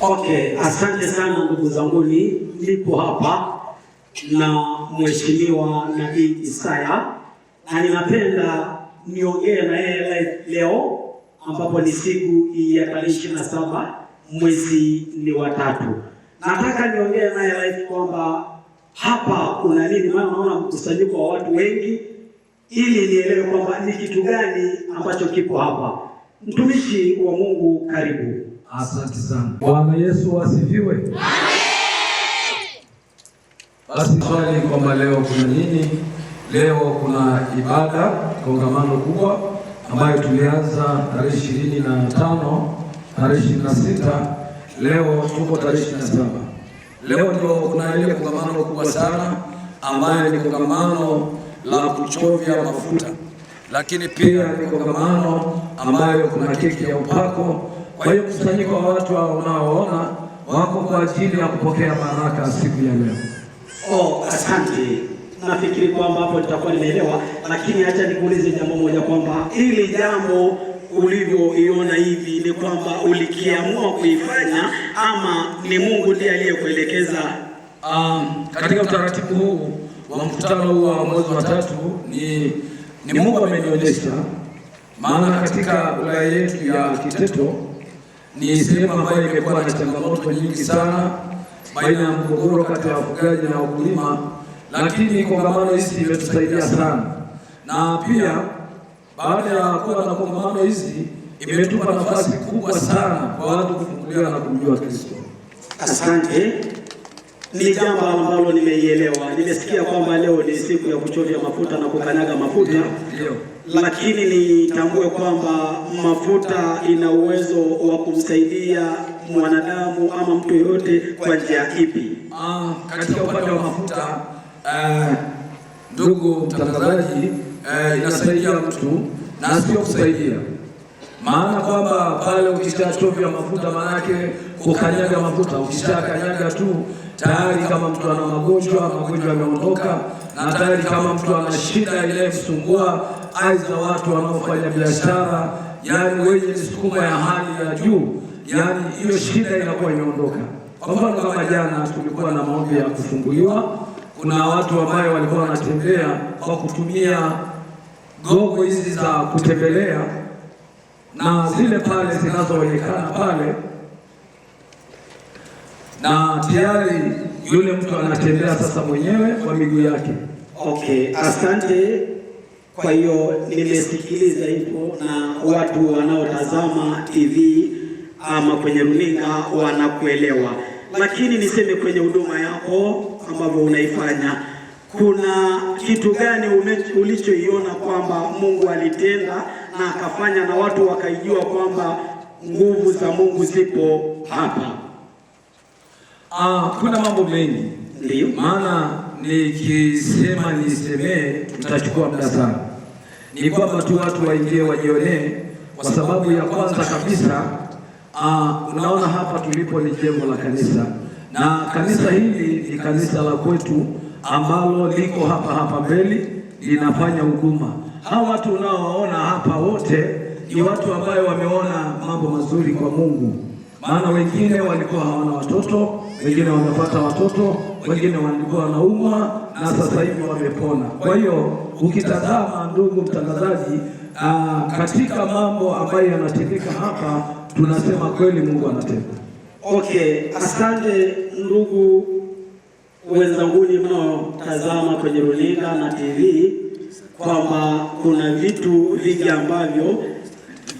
Okay, asante sana ndugu zanguni, nipo hapa na mheshimiwa Nabii Isaya na ninapenda niongee na yeye leo, ambapo ni siku ya tarehe ishirini na saba mwezi ni watatu. Nataka niongee naye live kwamba hapa kuna nini, maana naona mkusanyiko wa watu wengi, ili nielewe kwamba ni kitu gani ambacho kipo hapa. Mtumishi wa Mungu, karibu. Asante sana. Bwana Yesu asifiwe. Amen. Basi swali kwamba leo kuna nini? Leo kuna ibada kongamano kubwa ambayo tulianza tarehe ishirini na tano tarehe ishirini na sita leo tuko tarehe ishirini na saba Leo ndio kuna ile kongamano kubwa sana ambayo ni kongamano la kuchovya mafuta, lakini pia ni kongamano ambayo kuna keki ya upako kwa hiyo mkusanyiko wa watu hao unaoona wako kwa ajili ya kupokea baraka siku ya leo. Oh, asante. Nafikiri kwamba hapo nitakuwa nimeelewa, lakini acha nikuulize jambo moja kwamba hili jambo ulivyoiona hivi ni kwamba ulikiamua kuifanya ama ni Mungu ndiye aliyekuelekeza? Um, katika utaratibu huu wa mkutano huu wa mwezi wa tatu ni, ni Mungu amenionyesha, maana katika wilaya yetu ya Kiteto ni sehemu ambayo imekuwa na changamoto nyingi sana baina ya mgogoro kati ya wafugaji na wakulima, lakini kongamano hizi imetusaidia sana, na pia baada ya kuwa na kongamano hizi imetupa nafasi kubwa sana kwa watu kufunguliwa na kumjua Kristo. Asante ni jambo ambalo nimeielewa. Nimesikia kwamba leo ni siku ya kuchovya mafuta na kukanyaga mafuta, lakini nitambue kwamba mafuta ina uwezo wa kumsaidia mwanadamu ama mtu yoyote kwa njia ipi? Ah, katika upande wa mafuta eh, ndugu uh, mtangazaji uh, inasaidia mtu na sio kusaidia maana kwamba pale ukishaa ya mafuta, maanake kukanyaga mafuta. kanyaga tu tayari, kama mtu ana magonjwa, magonjwa yameondoka, na tayari kama mtu ana shida inayemsumbua, aidha watu wanaofanya biashara, yani wenye sukuma ya hali ya juu, yani hiyo shida inakuwa imeondoka. Kwa mfano kama jana tulikuwa na maombi ya kufunguliwa, kuna watu ambao walikuwa wanatembea kwa kutumia gogo hizi za kutembelea na zile pale zinazoonekana pale, na tayari yule mtu anatembea sasa mwenyewe kwa miguu yake. Okay, asante. Kwa hiyo nimesikiliza hivyo, na watu wanaotazama TV ama kwenye runinga wanakuelewa, lakini niseme kwenye huduma yako ambavyo unaifanya kuna kitu gani ulichoiona kwamba Mungu alitenda na akafanya na watu wakaijua kwamba nguvu za Mungu zipo hapa. Ah, kuna mambo mengi ndio maana nikisema nisemee tutachukua muda sana. Ni kwamba tu watu waingie wajionee, kwa sababu ya kwanza kabisa Uh, unaona hapa tulipo ni jengo la kanisa na kanisa hili ni kanisa la kwetu ambalo liko hapa hapa mbele linafanya huduma Hawa watu unaowaona hapa wote ni watu ambayo wameona mambo mazuri kwa Mungu, maana wengine walikuwa hawana watoto, wengine wamepata watoto, wengine walikuwa wanaumwa na sasa hivi wamepona. Kwa hiyo ukitazama, ndugu mtangazaji, uh, katika mambo ambayo yanatendeka hapa, tunasema kweli Mungu anatenda. Okay, asante ndugu wenzanguni mnaotazama kwenye runinga na TV kwamba kuna vitu vingi ambavyo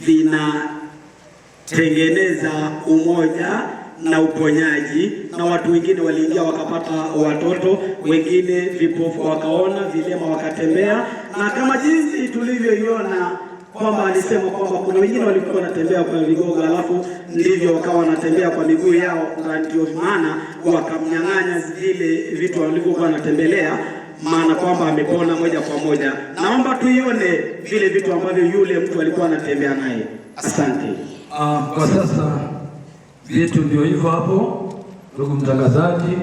vinatengeneza umoja na uponyaji na watu wengine waliingia wakapata watoto, wengine vipofu wakaona, vilema wakatembea, na kama jinsi tulivyoiona kwamba alisema kwamba kuna wengine walikuwa wanatembea kwa vigogo, alafu ndivyo wakawa wanatembea kwa miguu yao, na ndio maana wakamnyang'anya zile vitu walivyokuwa wanatembelea maana kwamba amepona moja kwa moja. Naomba tuione vile vitu ambavyo yule mtu alikuwa anatembea naye. Asante. Ah, kwa sasa vyetu ndio hivyo hapo, ndugu mtangazaji.